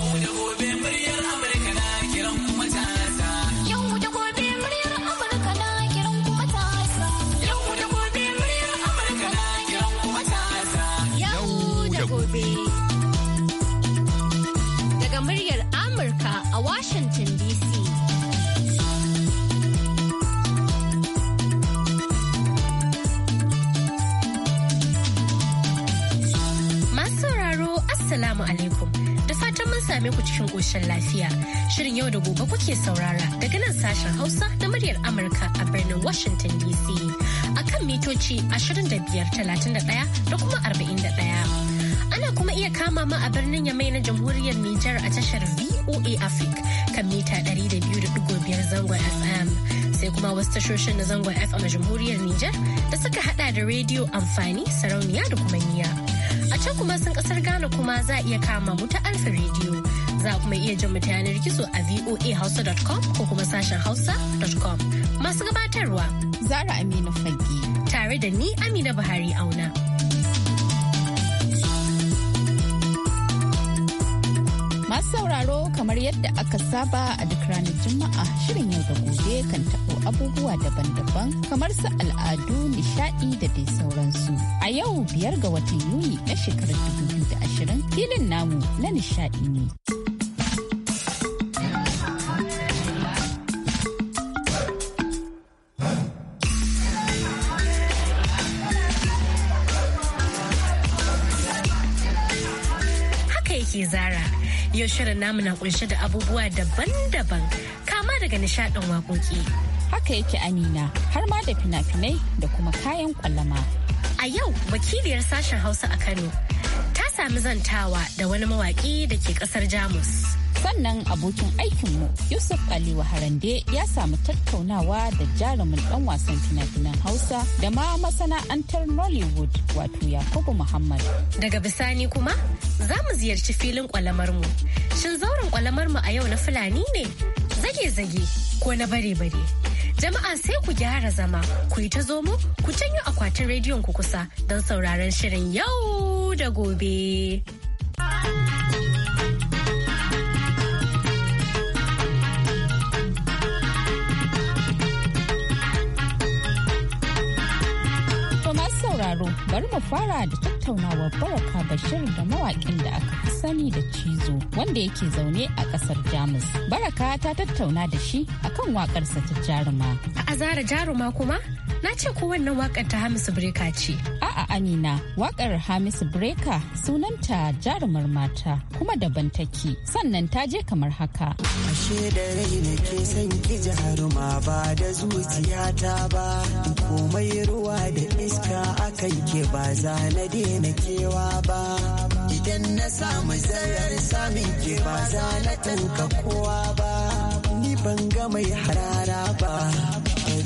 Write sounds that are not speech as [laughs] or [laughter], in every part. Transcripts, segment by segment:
no, no. cikin koshin lafiya. Shirin yau da gobe kuke saurara daga nan sashen Hausa na muryar Amurka a birnin Washington DC. A kan mitoci 25,31 da kuma 41. Ana kuma iya kama ma a birnin Yamai na Jamhuriyar Nijar a tashar VOA Africa kan mita 200.5 zangon FM. sai kuma wasu tashoshin na zangon FM a jamhuriyar Nijar da suka hada da rediyo amfani sarauniya da kuma niya. A can kuma sun kasar Ghana kuma za a iya kama mu ta Alfa rediyo Za kuma iya jin mu ta yanar gizo a voahausa.com ko kuma sashen hausa.com. Masu gabatarwa. Zara amina Fage. Tare da ni Amina Buhari Auna. sauraro kamar yadda aka saba a duk ranar Juma'a shirin yau da gobe kan taɓo abubuwa daban-daban kamar su al'adu, nishaɗi da dai sauransu. A yau biyar ga watan Yuni na shekarar 2020 filin namu na nishaɗi ne. Yau shirin namu na kunshe da abubuwa daban-daban kama daga nishadin waƙoƙi. Haka yake Amina har ma da fina-finai da kuma kayan kwallama. A yau wakiliyar sashen Hausa a Kano ta sami zantawa da wani mawaƙi da ke ƙasar Jamus. sannan abokin aikinmu yusuf aliyu harande ya samu tattaunawa da jarumin dan wasan fina-finan hausa da ma masana'antar nollywood wato yakubu muhammad daga bisani kuma za mu ziyarci filin kwalamarmu shin zauren kwalamarmu a yau na fulani ne zage-zage ko na bare-bare jama'a sai ku gyara zama ku yi ta zomo ku canyo akwatin rediyon ku kusa don sauraron shirin yau da gobe. bari mu fara da tattaunawar baraka bashir da mawakin da aka fi sani da cizo wanda yake zaune a kasar jamus baraka ta tattauna da shi akan wakarsa ta jaruma a azara jaruma kuma Na ce ko wannan wakar ta Hamisu Breka ce. A'a Amina, wakar Hamisu Breka sunanta jarumar mata kuma daban take sannan ta je kamar haka. Ashe da rai na ke san ki jaruma ba da zuciyata ba, komai ruwa da iska akan ke ba za na dena kewa ba. idan na samu zayar samin ke ba za na tanka kowa ba ni ban ga mai harara ba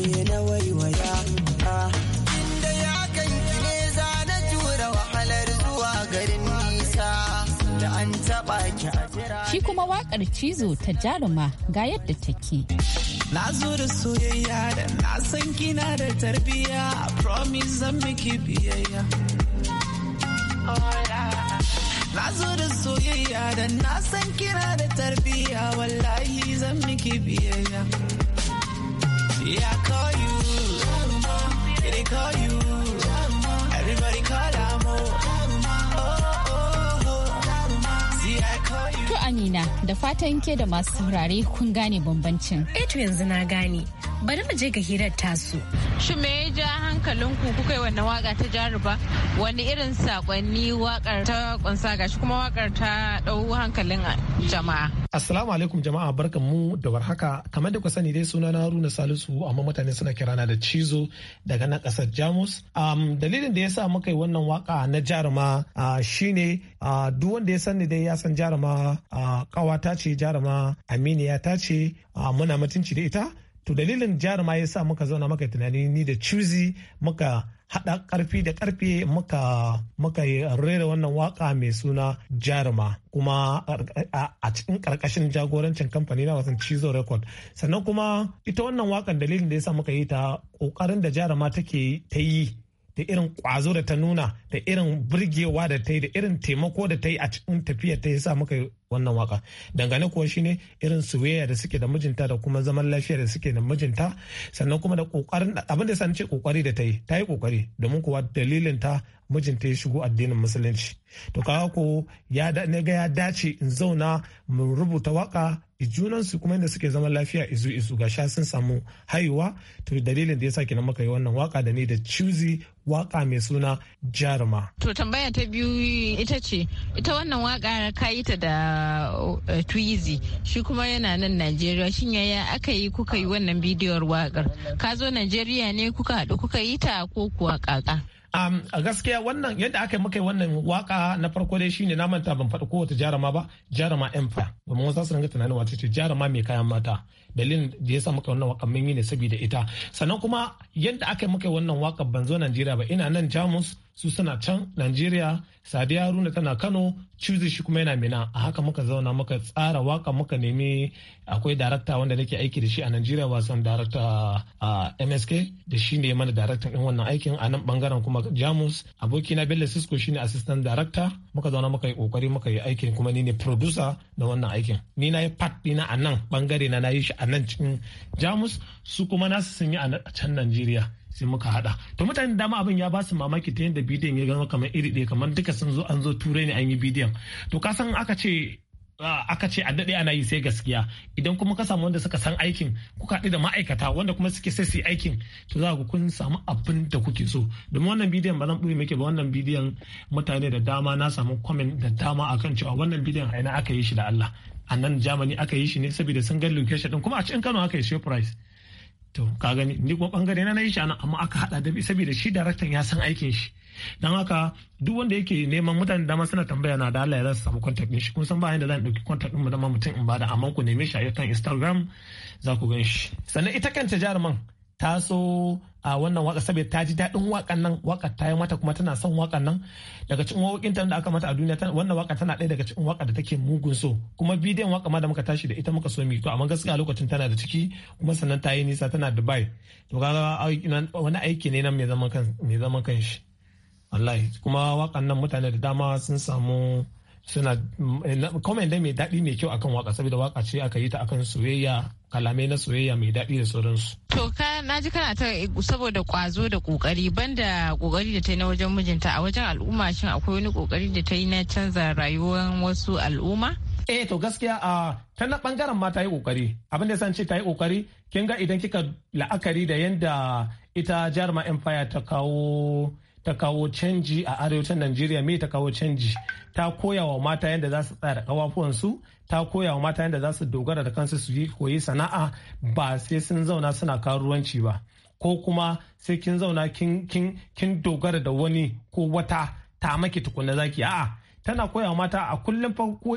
na waiwaya ya na wahalar zuwa garin da an ki a shi kuma waƙar cizo ta jaruma ga yadda take Na zo da soyayya da na san kina da tarbiyya promise zan miki biyayya. Na zo da soyayya da na san kina da tarbiyya wallahi zan miki biyayya. Yeah, oh, oh, oh. Amina, da fatan ke da masu saurare kun gane bambancin. Eto yanzu na gane. bari mu je ga hirar tasu. Shi me ya ja hankalinku kuka yi wannan waka ta jaruba wani irin sakonni wakar ta kunsa gashi kuma wakar ta dau hankalin jama'a. Assalamu alaikum jama'a barkan mu da warhaka kamar da ku sani dai suna na Haruna Salisu amma mutane suna kirana da Cizo daga nan kasar Jamus. Um, dalilin da ya sa muka yi wannan waka na jaruma uh, shine uh, duk wanda ya sani dai ya san jaruma kawata ce jaruma aminiya ta ce muna mutunci da ita to dalilin jaruma ya sa muka zauna maka tunani ni da cuzi muka haɗa ƙarfi da ƙarfe muka muka rera wannan waka mai suna jaruma kuma a cikin ƙarƙashin jagorancin kamfani na wasan cizo record sannan kuma ita wannan wakan dalilin da ya sa muka yi ta ƙoƙarin da jaruma take ta yi da irin ƙwazo da ta nuna da irin burgewa da ta yi da irin taimako da ta yi a cikin tafiya ta ya sa muka wannan waka dangane kuwa ne irin soyayya da suke da mijinta da kuma zaman lafiya da suke da mijinta sannan kuma da kokarin abin da san ce kokari da ta yi ta yi kokari domin kuwa dalilin ta mijinta ya shigo addinin musulunci to kaga ko ya ne ga ya dace in zauna mu rubuta waka junan su kuma inda suke zaman lafiya izu izu ga sha sun samu haihuwa to dalilin da ya sake na maka yi wannan waka da ni da chuzi waka mai suna jaruma to tambaya ta biyu ita ce ita wannan waka ka yi ta da Uh, uh, twizy shi kuma yana nan najeriya shin yaya aka yi kuka yi wannan bidiyon wakar ka zo najeriya ne kuka haɗu kuka yi ta ko kuwa kaka um, a gaskiya wannan yadda aka muka yi wannan waka na farko dai shine na manta ban faɗi kowace jarama ba jarama empire domin wasu su ringa tunanin wace ce jarama mai kayan mata dalilin da yasa muka wannan waka mun yi ne saboda ita sannan kuma yadda aka muka yi wannan waka ban zo Najeriya ba ina nan Jamus su suna can Najeriya Sadiya Haruna tana Kano Chuzi shi kuma yana Mina a haka muka zauna muka tsara waka muka nemi akwai darakta wanda nake aiki da shi a Najeriya wasan darakta a MSK da shi ne mana darakta din wannan aikin a nan bangaren kuma Jamus aboki na Bello Sisko shine assistant darakta muka zauna muka yi kokari muka yi aikin kuma ni ne producer na wannan aikin ni na yi part ɗina a nan bangare na na yi shi a nan cikin Jamus su kuma nasu sun yi a can Najeriya sai muka hada to mutane dama abin ya ba su mamaki ta yadda bidiyon ya gano kamar iri ɗaya kamar duka sun zo an zo turai ne an yi bidiyon to ka san aka ce aka ce a daɗe ana yi sai gaskiya idan kuma ka samu wanda suka san aikin kuka haɗu da ma'aikata wanda kuma suke sai su aikin to za ku kun samu abin da kuke so domin wannan bidiyon ba zan ɓoye muke ba wannan bidiyon mutane da dama na samu kwamen da dama akan cewa wannan bidiyon a aka yi shi da Allah a nan jamani aka yi shi ne saboda sun ga location din kuma a cikin Kano aka yi shi price to ka gani ni kuma bangare na yi shi anan amma aka hada da bi saboda shi daraktan ya san aikin shi Dan haka duk wanda yake neman mutane dama suna tambaya na da Allah ya rasa samu contact din shi kun san ba yanda zan dauki contact din mu dama mutum in bada amma ku neme shi a kan Instagram za ku gan shi sannan ita kanta jaruman ta so a wannan waka saboda ta ji daɗin wakan nan waka ta yi mata kuma tana son wakan nan daga cikin wakokin da aka mata a duniya wannan waka tana ɗaya daga cikin waka da take mugun so kuma bidiyon waka ma da muka tashi da ita muka so mi to amma gaskiya lokacin tana da ciki kuma sannan ta yi nisa tana Dubai to kaga wani aiki ne nan mai zaman kan mai zaman wallahi kuma wakan nan mutane da dama sun samu suna kuma eh, dai mai daɗi mai kyau akan waka saboda waka ce aka yi ta akan soyayya kalamai na soyayya mai daɗi da sauransu. To ka na ji kana ta eh, saboda kwazo da kokari banda kokari da ta yi na wajen mijinta a wajen al'umma shin akwai wani kokari da ta yi na canza rayuwar wasu al'umma? Eh to gaskiya a ta na bangaren ma ta yi kokari abin da san ce ta yi kokari kin ga idan kika la'akari da yadda ita jarma empire ta kawo ta kawo canji a arewacin najeriya me ta kawo canji ta koya wa mata yadda za su tsaya da kawafuwansu ta koya wa mata yadda za su dogara da kansu su yi koyi sana'a ba sai sun zauna suna karuwanci ba ko kuma sai kin zauna kin dogara da wani ko wata ta maki tukunna zaki a'a tana koya wa mata a kullum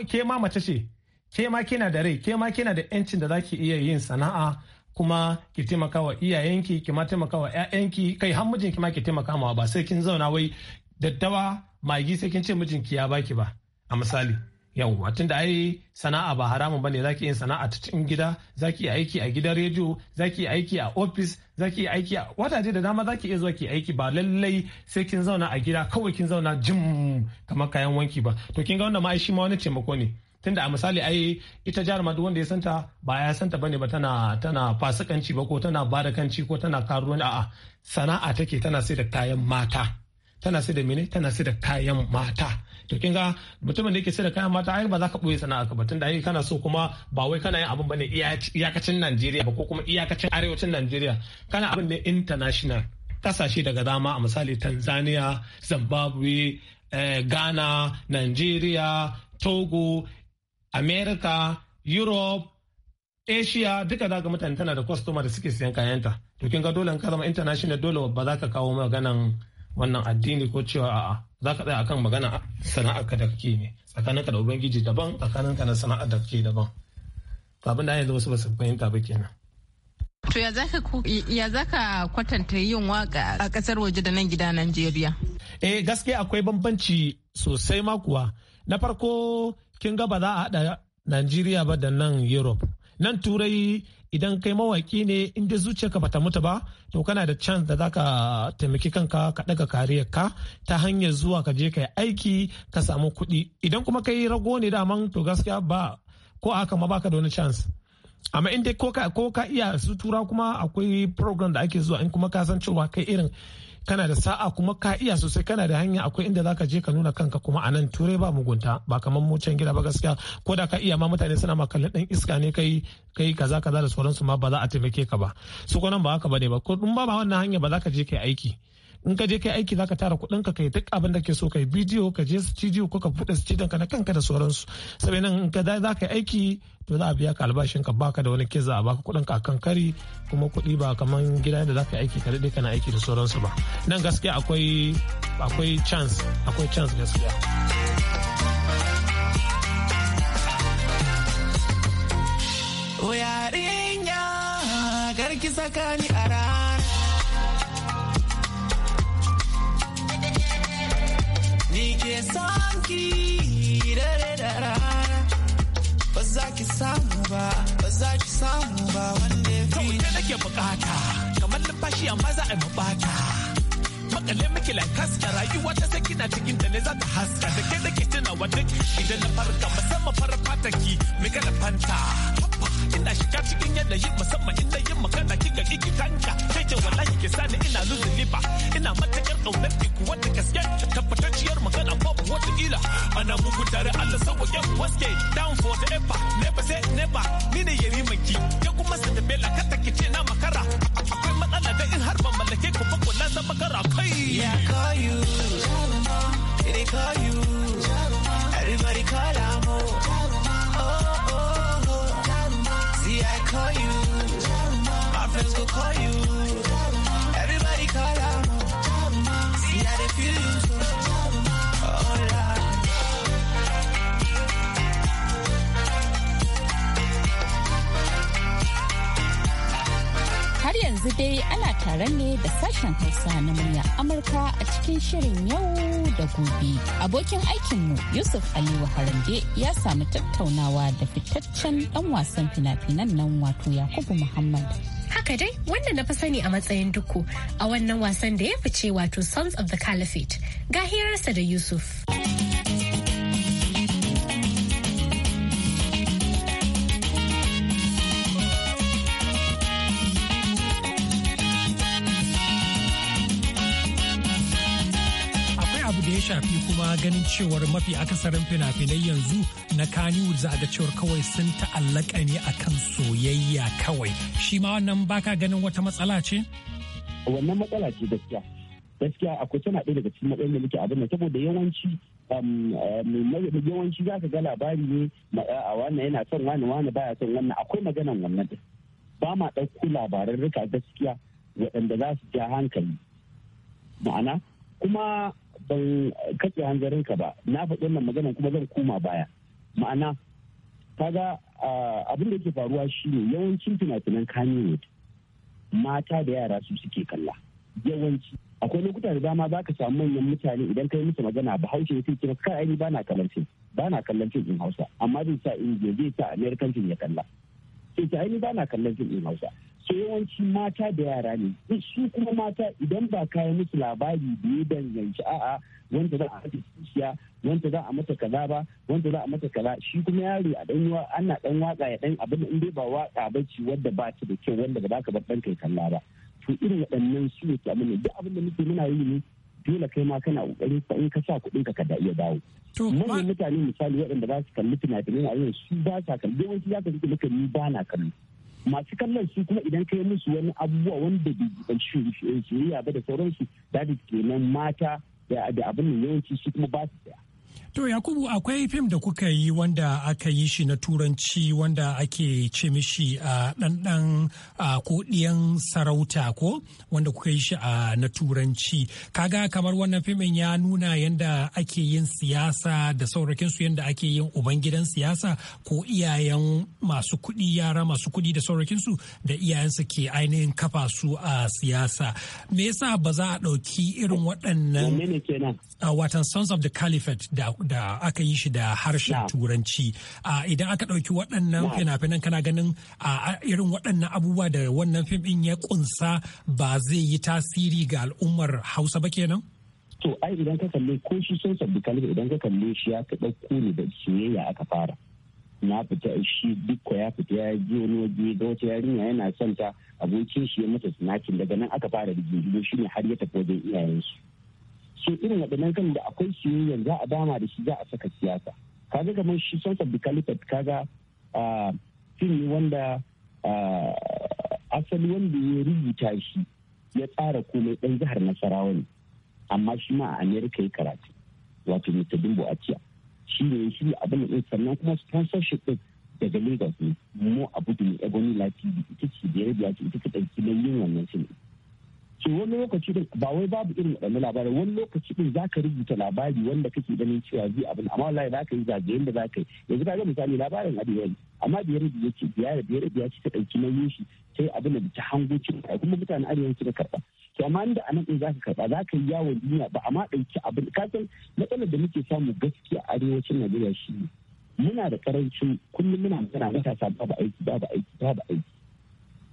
ke ma mace ce ke ma kina da rai ke ma kina da yancin da zaki iya yin sana'a kuma ki taimaka wa iyayenki ki ma taimaka wa ƴaƴanki kai har mijinki ma ki taimaka ma ba sai kin zauna wai daddawa magi sai kin ce mijinki ya baki ba a misali tun da ai sana'a ba haramun bane zaki yin sana'a ta cikin gida zaki yi aiki a gidan rediyo zaki yi aiki a ofis zaki yi aiki a wataje da dama zaki iya zuwa ki aiki ba lallai sai kin zauna a gida kawai kin zauna jim kamar kayan wanki ba to kin ga wanda ma shi ma wani taimako ne tunda a misali ai ita jihar madu wanda ya santa ba ya santa bane ba tana tana fasikanci ba ko tana bada kanci ko tana karuwa a'a sana'a take tana sai da kayan mata tana sai da mene tana sai da kayan mata to kin ga mutumin da yake sai da kayan mata ai ba za ka boye sana'a ka ba tunda ai kana so kuma ba wai kana yin abin bane iyakacin Najeriya ba ko kuma iyakacin arewacin Najeriya kana abin ne international kasashe daga dama a misali Tanzania Zimbabwe eh, Ghana Nigeria Togo america europe asia duka za ka mutane tana da kwastoma da suke siyan kayanta to kin ga dole ka zama international dole ba za ka kawo maganan wannan addini ko cewa a'a za ka tsaya akan magana sana'ar ka da kake ne tsakaninka da ubangiji daban tsakaninka na sana'ar da kake daban abin da yanzu wasu ba su fahimta ba kenan To ya zaka ya zaka kwatanta yin waka a kasar waje da nan gida Najeriya? Eh gaskiya akwai bambanci sosai ma kuwa. Na farko kin ga ba za a haɗa Najeriya ba da nan Europe. Nan Turai idan kai mawaki ne inda zuciyarka bata mutu ba to kana da chance da zaka taimaki kanka ka daga kariyar ka ta hanyar zuwa ka je kai aiki ka samu kuɗi idan kuma kai rago ne daman to gaskiya ba ko haka ma baka da wani chance amma inda ko ka iya su tura kuma akwai program da ake zuwa in kuma ka san cewa kai irin kana da sa'a kuma ka iya sosai kana da hanya akwai inda zaka je ka nuna kanka kuma a nan turai ba mugunta ba kamar mu can gida ba gaskiya ko da ka iya ma mutane suna ma kallon dan iska ne kai kai kaza kaza da sauransu ma ba za a taimake ka ba su ko nan ba haka ne ba ko ba wannan hanya ba za ka je kai aiki in ka je kai aiki zaka tara kuɗin ka kai duk abin da ke so kai bidiyo ka je studio ko ka buɗe studio ka na kanka da sauransu saboda nan in ka za ka aiki to za a biya ka albashin ka baka da wani kiza a baka kuɗin ka kan kari kuma kuɗi ba kaman gida da za ka aiki ka daɗe kana aiki da sauransu ba nan gaskiya akwai akwai chance akwai chance gaskiya. rinya, garki sakani a ke son ki dare da rana ba za ki samu ba ba za ki samu ba wanda ya fi kawai nake bukata kamar numfashi amma za a bukata makale muke lankaska rayuwa ta sai kina cikin da ne za ta haska da ke nake tunawa duk idan na farka musamman farar fataki mai gana fanta musamman ina shiga cikin yanayi musamman ina yin magana kinga kiki tanka sai ce wallahi ke sani ina lose liver ina matakar kaunar ki kuwa da gaske tabbatacciyar magana babu wata ila ana muku tare Allah sauƙaƙe waske down for the ever never say never ni ne yeri manki ke kuma sa da bela kata ki ce na makara akwai matsala da in har ban mallake ku ba kullun zan makara kai ya call you they call you everybody call I'm I call you. My friends go call you. Everybody call out. See how they feel you. So. yanzu dai ana tare ne da sashen Hausa na murya Amurka a cikin shirin yau da gobe. Abokin aikinmu Yusuf Aliyu Harande ya samu tattaunawa da fitaccen dan wasan fina-finan nan wato Yakubu Muhammad. Haka dai wanda na fi sani a matsayin duku a wannan wasan da ya fice wato Sons of the Caliphate. Ga hirarsa da Yusuf. kuma ganin cewar mafi akasarin fina-finai yanzu na kaniwood za a ga cewar kawai sun ta'allaka ne kan soyayya kawai shi ma wannan baka ganin wata matsala ce wannan matsala ce gaskiya gaskiya akwai tana ɗaya daga cikin matsayin da muke abin da saboda yawanci um, um, yawanci za ka ga labari ne a wannan yana son wani wani baya son wannan akwai maganan wannan da ba ma ɗauko labaran rika gaskiya waɗanda za su ja hankali ma'ana kuma ban hanzarin ka ba na faɗi wannan magana kuma zan koma baya ma'ana kaga abin da yake faruwa shine yawancin fina-finan kaniwood mata da yara su suke kalla yawanci akwai lokuta da dama za ka samu manyan mutane idan ka yi musu magana ba haushe sai kira kai aini na kallon fim na kallon fim din Hausa amma zai sa je zai sa American fim ya kalla sai ta ba na kallon fim din Hausa so yawanci mata da yara ne su kuma mata idan ba kayan musu labari da ya danganci a'a wanda za a mata kishiya wanda za a mata kaza ba wanda za a mata kaza shi kuma yaro a dan ana dan waka ya dan abin in dai ba waka ba ce wanda ba ta da kyau wanda ba za ka bar dan kai kalla ba to irin waɗannan su ne abin da duk abin da muke muna yi ne dole kai ma kana kokarin ka in ka sa kuɗin ka ka da iya dawo manyan mutane misali waɗanda ba su kalli fina-finai a yau su ba sa kalli yawanci za ka rike muka ni ba na kalli masu kallon su kuma idan kai musu wani abubuwa wanda bai shirya ba da sauransu da kenan mata da abin da yawanci su kuma ba su daya To Yakubu akwai fim da kuka yi wanda aka yi shi na turanci wanda ake ce mishi a ɗanɗan ko ɗiyan sarauta ko wanda kuka yi shi a na turanci. Kaga kamar wannan fimin ya nuna yadda ake yin siyasa da saurakinsu yadda ake yin ubangidan siyasa ko iyayen masu kuɗi yara masu kuɗi da saurakinsu da iyayensu ke ainihin kafa su a siyasa. Me yasa ba za a ɗauki irin waɗannan Uh, watan Sons of the Caliphate da, da aka yi shi da harshen turanci uh, idan aka ɗauki waɗannan fina-finan kana ganin uh, irin waɗannan abubuwa da wannan fim ɗin ya kunsa ba zai yi tasiri ga al'ummar Hausa ba kenan? To ai idan ka kalli ko shi Sons of the idan ka kalle shi ya ka ɗauko ne da soyayya aka fara. na fita shi dukko ya fita ya je wani waje ga wata yarinya yana son ta abokin shi ya mata sinakin daga nan aka fara rigingimu shi ne har ya tafi wajen iyayensu su irin waɗannan kan da akwai su yanzu a dama da shi za a saka siyasa kaga kamar shi sons of the caliphate kaga fim wanda asali wanda ya rubuta shi ya tsara komai ɗan jihar nasarawa ne amma shi ma a amerika ya karatu wato mr dimbo ciya shi ne shi abin da sannan kuma sponsorship ɗin daga lagos ne mu abu da ebony lati ita ce biyar ya rubuta ita ta ɗauki yin wannan ne. su wani lokaci din ba wai babu irin wani labarai wani lokaci din za ka rubuta labari wanda kake ganin cewa zai abin amma wallahi za ka yi zagayen da za ka yi yanzu ka ga misali labarin adiyan amma biyar da yake biyar biyar biyar ta ɗauki na shi sai abin da ta hango cin kuma mutanen arewa suka karba to amma inda a nan za ka karba za ka yi yawon duniya ba amma ɗauki abin ka san matsalar da muke samu gaskiya a arewacin najeriya shi ne muna da karancin kullum muna magana matasa babu aiki babu aiki babu aiki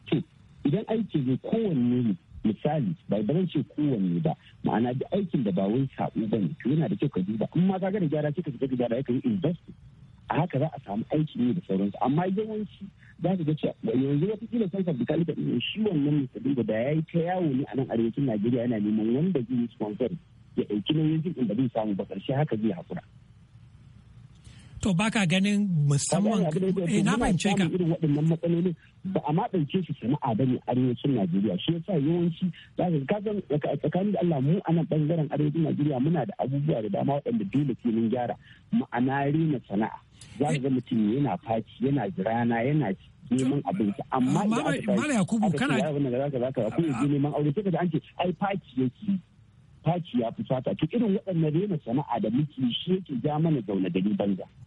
to idan aiki ne kowanne ne misali ba ba ce kowanne ba ma'ana da aikin da ba wai sabo bane to yana da kyau ka duba in ma kaga da gyara kika fita ka gyara ka yi invest a haka za a samu aiki ne da sauransu amma yawanci za ka ga cewa yanzu wata kila san sabbi kalita ɗin shi wannan musulmi da ya yi ta yawo ne a nan arewacin najeriya yana neman wanda zai yi sponsor ya ɗauki nauyin jin da zai samu ba ƙarshe haka zai hakura to baka ganin musamman eh na fahimce ka irin waɗannan matsaloli ba a ma ɗauke su sana'a ba ne arewacin Najeriya shi yasa yawanci za ka san tsakanin Allah mu a nan bangaren arewacin Najeriya muna da abubuwa da dama waɗanda dole sai mun gyara ma'ana rena sana'a za ka ga mutum yana faci yana jirana yana neman abinci amma mala yakubu kana zaka ko yaje neman aure sai ka an ce ai faci yake faci ya fusata to irin waɗannan rena sana'a da muke shi yake ja mana zaune gari banza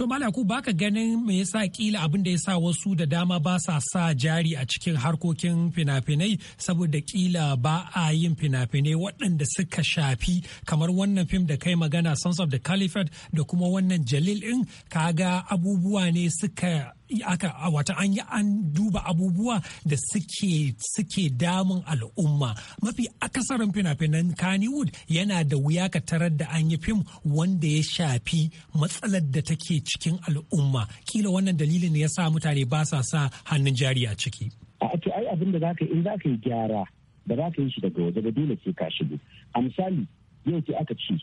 To ku baka ganin me yasa kila abin da ya sa wasu da dama ba sa sa jari a cikin harkokin fina-finai saboda kila ba a yin fina-finai waɗanda suka shafi kamar wannan fim da kai magana Sons of the Caliphate da kuma wannan Jalil ɗin kaga abubuwa ne suka aka wata an yi an duba abubuwa da suke suke damun al'umma mafi akasarin fina-finan Kannywood yana da wuya ka tarar da an yi fim wanda ya shafi matsalar da take cikin al'umma kila wannan dalilin ne ya sa mutane ba sa sa hannun jari a ciki a ake ai abin da za ka yi in za ka yi gyara da za ka yi shi daga waje ba dole sai ka shigo a misali yau ce aka ci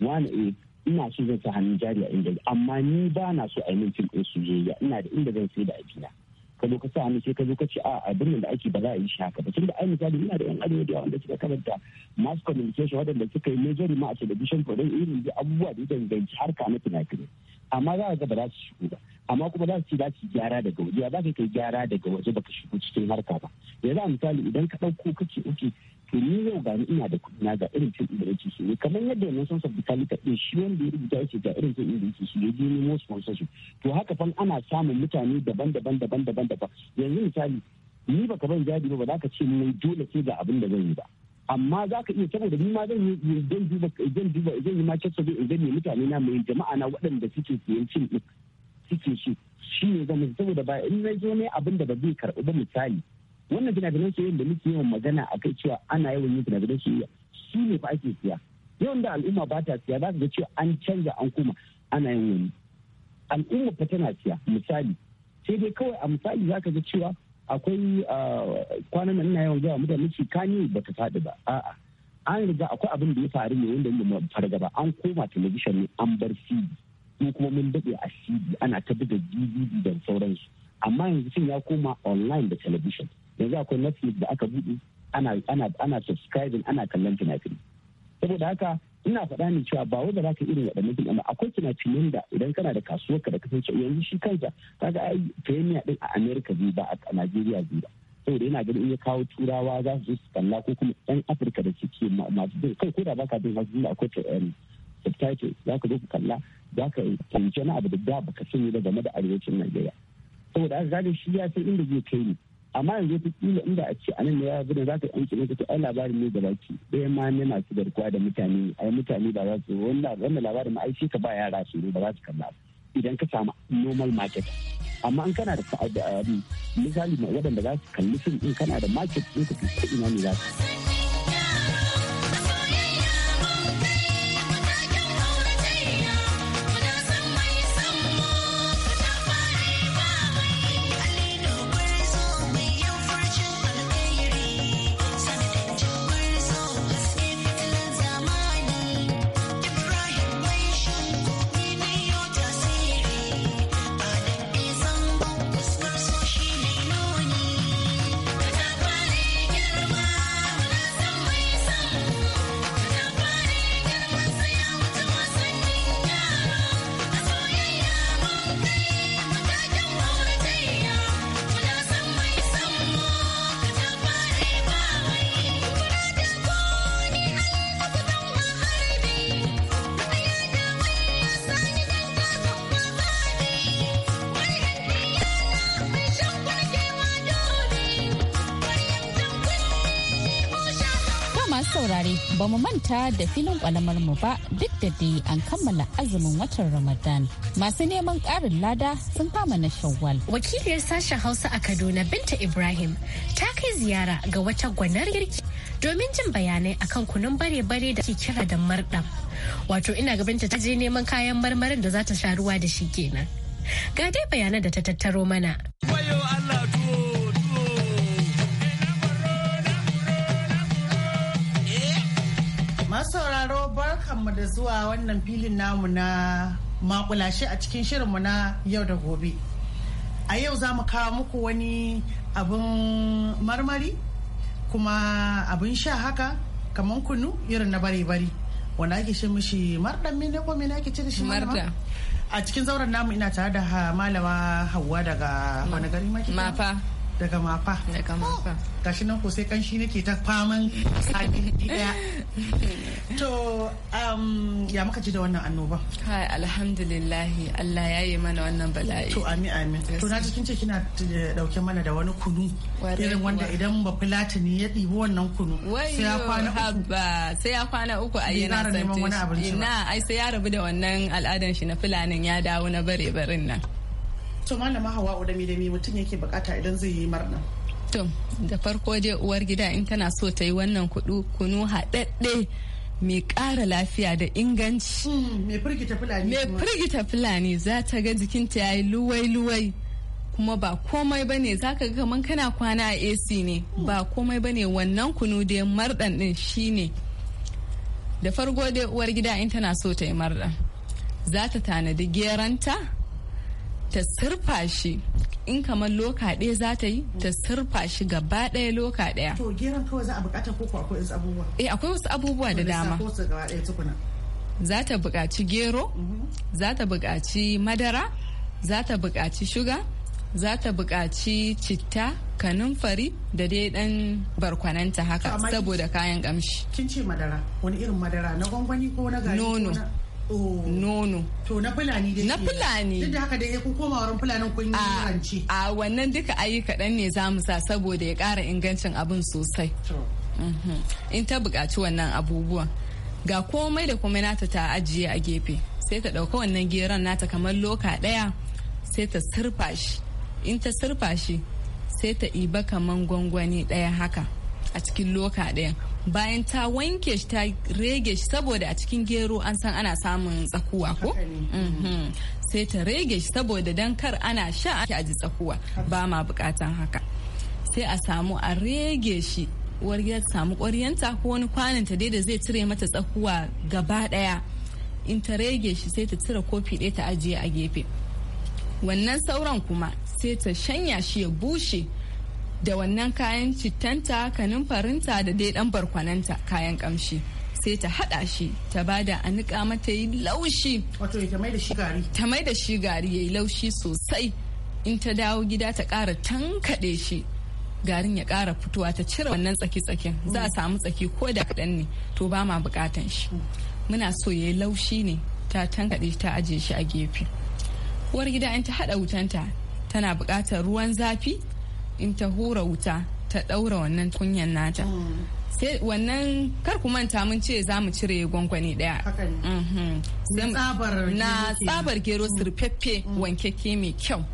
wani e eh, ina so zan sa hannun jari a inda amma ni ba na so a yi min fim ɗin soyayya ina da inda zan sai da abina ka zo ka sa hannu sai ka zo ka ce a abin da ake ba za a yi shi haka ba tunda ai misali ina da yan arewa da wanda suka karanta mass communication wadanda suka yi major ma a television program irin abubuwa da ya danganci harka na fina-finai amma za a ga ba za su shigo ba amma kuma za su ce za gyara daga waje ba za kai gyara daga waje baka shigo cikin harka ba yanzu a misali idan ka ɗauko kake oke to ni yau ga ni ina da kuɗi na ga irin cin da yake shige kamar yadda wannan son sabbi kalita din shi wanda ya rubuta yake ga irin cin da yake shige ya je nemo sponsorship to haka fa ana samun mutane daban-daban daban-daban daban yanzu misali ni baka ban jadi ba ba za ka ce ni dole sai ga abin da zan yi ba amma za ka iya saboda ni ma zan yi zan duba zan yi ma kyasa in yi mutane na mai jama'a na waɗanda suke siyan cin din suke shi shi ne zama saboda ba in na zo ne abin da ba zai karɓi ba misali wannan fina-finan yadda da muke yawan magana a kai cewa ana yawan yin fina-finan shi ne fa ake siya yawan da al'umma ba ta siya za su ga cewa an canza an koma ana yin wani al'umma fa tana siya misali sai dai kawai a misali za ka ga cewa akwai ah, kwanan nan ina yawan zuwa mutane ce kani ba ta faɗi ba a'a an riga akwai abin da ya faru ne wanda ba fargaba an koma talabishin ne an bar cd mu kuma mun daɗe a cd ana ta da dvd da sauransu amma yanzu sun ya koma online da television yanzu akwai netflix da aka buɗe ana ana ana subscribing ana kallon fina saboda haka ina faɗa ne cewa ba wanda zaka irin waɗannan fim amma akwai fina-finan da idan kana da kasuwar ka da kasance yanzu shi kansa kaga ai premier din a america zai ba a nigeria zai ba saboda yana ganin in ya kawo turawa za su su kalla ko kuma yan afirka da suke masu bin kai ko da baka bin da akwai eh, subtitles za ka zo ku kalla za ka fahimci wani abu da da ka sani ba game da arewacin najeriya saboda haka kaga shi ya san inda zai kai ni amma yanzu wata kila inda a ce anan ya gudun za ka yanke mata ai labarin ne baki. ɗaya ma ne masu garkuwa da mutane ai mutane ba za su wannan labarin ma ai ka ba yara su ba za su kalla idan ka samu normal market amma in kana da da um, misali ma waɗanda za su kalli fim in kana da market ɗin ka fi ina ne za su ba mu manta da filin kwalamar mu ba duk da dai an kammala azumin watan Ramadan. Masu neman ƙarin lada sun kama na Shawwal. Wakiliyar sashen Hausa a Kaduna Binta Ibrahim ta kai ziyara ga wata gwanar girki domin jin bayanai akan kunun bare-bare da ke kira da marɗa. Wato ina ga Binta ta je neman kayan marmarin da za ta sha ruwa da shi kenan. Ga dai bayanan da ta tattaro mana. barkanmu da zuwa wannan filin namu na makulashe a cikin shirinmu na yau da gobe. A yau za mu kawo muku wani abin marmari kuma abin sha haka kamar kunu irin na bare-bare wanda ake shi mishi mardan mine ko mine ake cire shi marda a cikin zauren namu ina tare da malama hawa daga wani gari mafa daga mafa daga mafa gashi nan ko sai kanshi nake ta faman sami daya [laughs] to um, ya muka ji da wannan annoba kai alhamdulillah Allah ya yi mana wannan bala'i to amin amin to na cikin ce kina eh, dauke mana da wani kunu irin wanda idan ba filatini ya ɗibi wannan kunu sai ya kwana uku sai ya kwana uku a yana santin ina ai sai ya rabu da wannan al'adan shi na filanin ya dawo na bare barin nan to malama hawa da mi da mi mutum yake bukata idan zai yi marna to da farko dai uwar gida in tana so ta yi wannan kudu kunu haɗaɗɗe mai ƙara lafiya da inganci hmm, mai firgita fulani za ta ga jikinta ya yi luwai-luwai kuma ba komai ba ne za ka ga kana kwana a ac ne ba komai ba ne wannan kunu dai marɗan ɗin shi ne da farko dai uwar gida in tana so ta yi marɗan za ta tanadi geranta ta sirfa shi in kamar loka ɗaya za ta yi ta sirfa shi gaba ɗaya loka ɗaya. To geron kawai za a bukata ko ko akwai wasu abubuwa? Eh akwai wasu abubuwa da dama. Za ta buƙaci gero, mm-hmm. za ta buƙaci madara, za ta buƙaci shuga, za ta buƙaci citta, kanumfari da dai ɗan barkwananta haka saboda kayan ƙamshi. Kin ce madara, wani irin madara na gwangwani ko na gari? Nono. Oh. nono to na fulani na fulani duk da haka da eh, kun koma wurin fulanin kun yi ranci a wannan duka ayi kaɗan ne za mu sa saboda ya ƙara ingancin abin sosai mhm. in ta buƙaci wannan abubuwan ga komai da komai nata ta ajiye a gefe sai ta ɗauka wannan geron nata kamar loka ɗaya sai ta sirfa shi in ta sirfa shi sai ta iba kamar gwangwani ɗaya haka a cikin loka ɗaya bayan ta wanke shi ta rege shi saboda a cikin gero an san ana samun tsakuwa ko mhm. sai ta rege shi saboda dan kar ana sha a ji tsakuwa ba ma bukatan haka sai a samu a rege shi wargiyar ta samu ƙwaryanta ko wani kwaninta ta da zai cire mata tsakuwa gaba ɗaya in ta rege shi sai ta cire kofi ɗaya ta ajiye a gefe wannan sauran kuma sai ta shanya shi ya bushe da wannan kayan cittanta kanumfarinta da dai dan barkwananta kayan kamshi sai ta hada shi ta bada a nika mata yi laushi wato ta mai da shi gari ta mai da shi gari yayi laushi sosai in ta dawo gida ta ƙara tankade shi garin ya ƙara fitowa ta cire wannan tsaki-tsakin za a samu tsaki ko da kaɗan ne to ba ma bukatan shi muna so yayi laushi ne ta tankaɗe ta ajiye shi a gefe uwar gida in ta haɗa wutanta tana buƙatar ruwan zafi in ta hura wuta ta ɗaura wannan kunyan nata sai wannan kar ku manta mun ce za mu cire gwangwani daya mhm. na tsabar gero sirfeffe mm. mm. wankeke mai kyau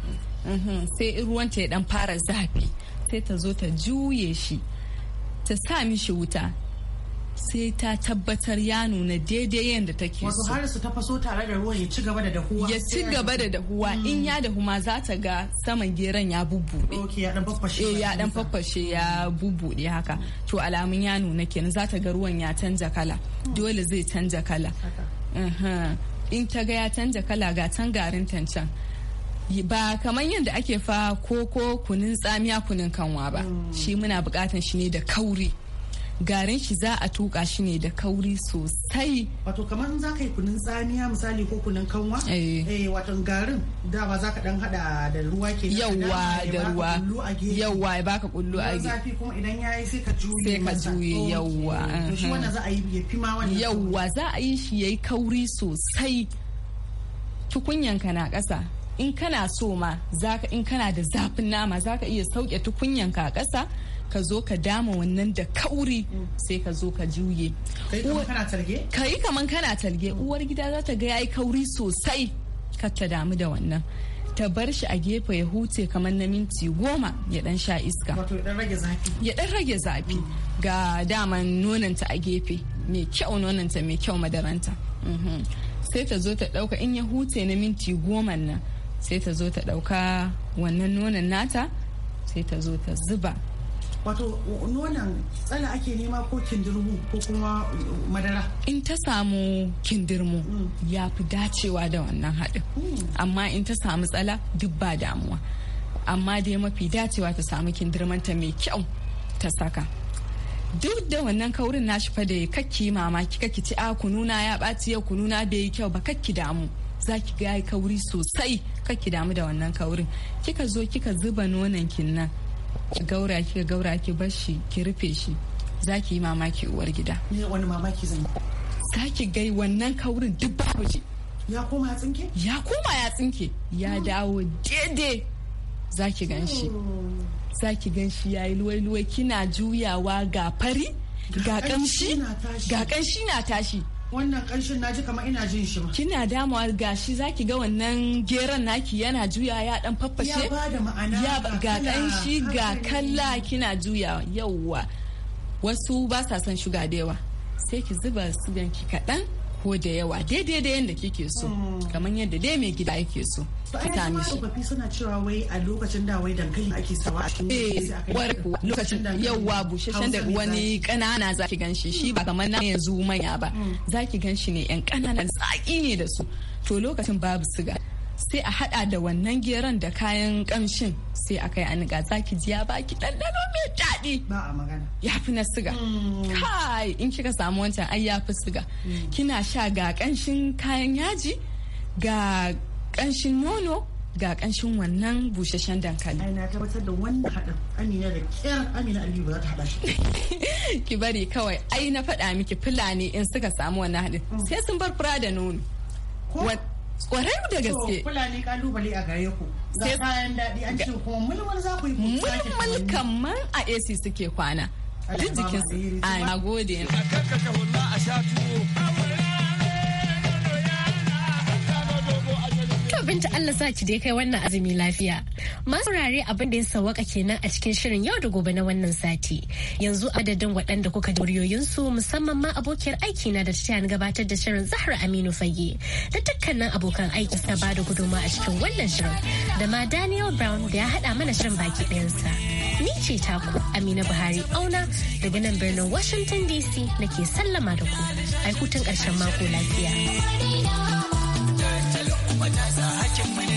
mhm. sai in ruwan ta ya dan fara zafi sai ta zo ta juye shi ta sa mishi wuta sai ta tabbatar ya nuna daidai yadda take so. Wasu ta su tare da ruwan ya ci gaba da dahuwa. Ya ci gaba da dahuwa in hmm. ya dahu ma za ta ga saman geron ya bubbuɗe. Ok ya dan eh, faffashe. ya dan haka. To alamun ya nuna kenan za ta ga ruwan ya canza kala. Hmm. Dole zai canza kala. In ta ga ya canza kala ga can garin tancan. ba kamar yadda ake fa ko kunun tsamiya kunun kanwa ba hmm. shi muna bukatan shi ne da kauri garin shi za a tuka shi ne da kauri sosai wato kamar za ka yi kunun tsamiya misali ko kunun kanwa eh, eh wato garin da ba za ka dan hada da ruwa ke yawa da ruwa yawa ya baka kullu a gefe zafi kuma idan yi sai ka juye sai ka juye yawa to shi wannan za a yi ya fi ma wannan yawa za a yi shi yayi kauri sosai tukunyanka na ƙasa in kana so ma in kana da zafin nama za ka iya sauke tukunyanka a ƙasa ka zo ka dama wannan da kauri sai ka zo ka juye ka yi kaman kana talge uwar gida za ta ga yayi kauri sosai ka ta damu da wannan ta bar shi a gefe ya huce kamar na minti goma ya dan sha iska wato ya dan rage zafi ga daman nonanta a gefe mai kyau nonanta mai kyau madaranta mhm. sai ta zo ta dauka in ya huce na minti goma nan sai ta zo ta dauka wannan nonan nata sai ta zo ta zuba wato nonon tsala ake nema ko kindirmu ko kuma madara in ta samu kindirmu mm. ya fi dacewa da wannan haɗin mm. amma in ta samu tsala duk ba damuwa amma dai mafi dacewa ta samu kindirmanta mai kyau ta saka duk da wannan kaurin nashi fa da kakki mamaki kakki ci a kununa ya ɓaci yau kununa bai yi kyau ba kakki damu za ki ga kauri sosai kakki damu da wannan kaurin kika zo kika zuba nonon kin nan gaura ki gaura ki bar shi ki rufe shi za ki yi mamaki uwar gida wani mamaki zan za ki gai wannan kaurin duk babu shi ya koma ya tsinke ya koma ya tsinke ya hmm. dawo daidai za ki gan shi hmm. za ki gan shi ya yi luwai-luwai kina juyawa ga fari ga kamshi ga kanshi na tashi wannan kanshin na ji kamar ina jin shi ma kina damuwa gashi zaki ga wannan geran naki yana juya ya dan faffashe ya bada ma'ana ya ga kanshi ga kalla kina juya yauwa. wasu ba sa son shuga da yawa sai ki zuba sugan ki kaɗan ko da yawa daidai da yadda kike so kamar yadda dai mai gida yake so fita mishi tsofaffi suna cewa wai a lokacin da wai dankali ake sawa a cikin eh, lokacin yawa bushashen da wani kanana zaki ganshi shi ba kamar nan yanzu manya ba mm. zaki ganshi ne yan kananan tsaki ne da su to lokacin babu siga sai a hada da wannan geron da kayan kamshin sai a kai a za zaki ji ya baki ɗanɗano mai daɗi ba a magana ya fi na siga mm. kai in kika samu wancan ai ya fi siga mm. kina sha ga kamshin kayan yaji ga kamshin nono ga kanshin wannan busasshen dankali. Ai na tabbatar da wannan haɗin Amina da kyar Amina Aliyu ba za ta hada shi. [laughs] Ki bari kawai ai na faɗa miki Fulani in suka samu wannan haɗin mm. sai sun bar fura da nono. kwarai da gaske. Fulani kalubale a gare ku. Ga kayan daɗi an ce kuma mulmul za ku yi Mulmul kamar a AC suke kwana. Duk jikinsu. A gode. A kankata a sha tuwo. abinci Allah sa ki dai kai wannan azumi lafiya. Masu rare abin da ya sawaka kenan a cikin shirin yau da gobe na wannan sati. Yanzu adadin waɗanda kuka Wuriyoyinsu musamman ma abokiyar aiki na da ta gabatar da shirin Zahra Aminu Fage da dukkanin abokan aiki sa ba da guduma a cikin wannan shirin da ma Daniel Brown da ya haɗa mana shirin baki ɗayansa. Ni ce taku Amina Buhari Auna daga nan birnin Washington DC nake sallama da ku. Ai hutun ƙarshen mako lafiya. matasa hakkin mu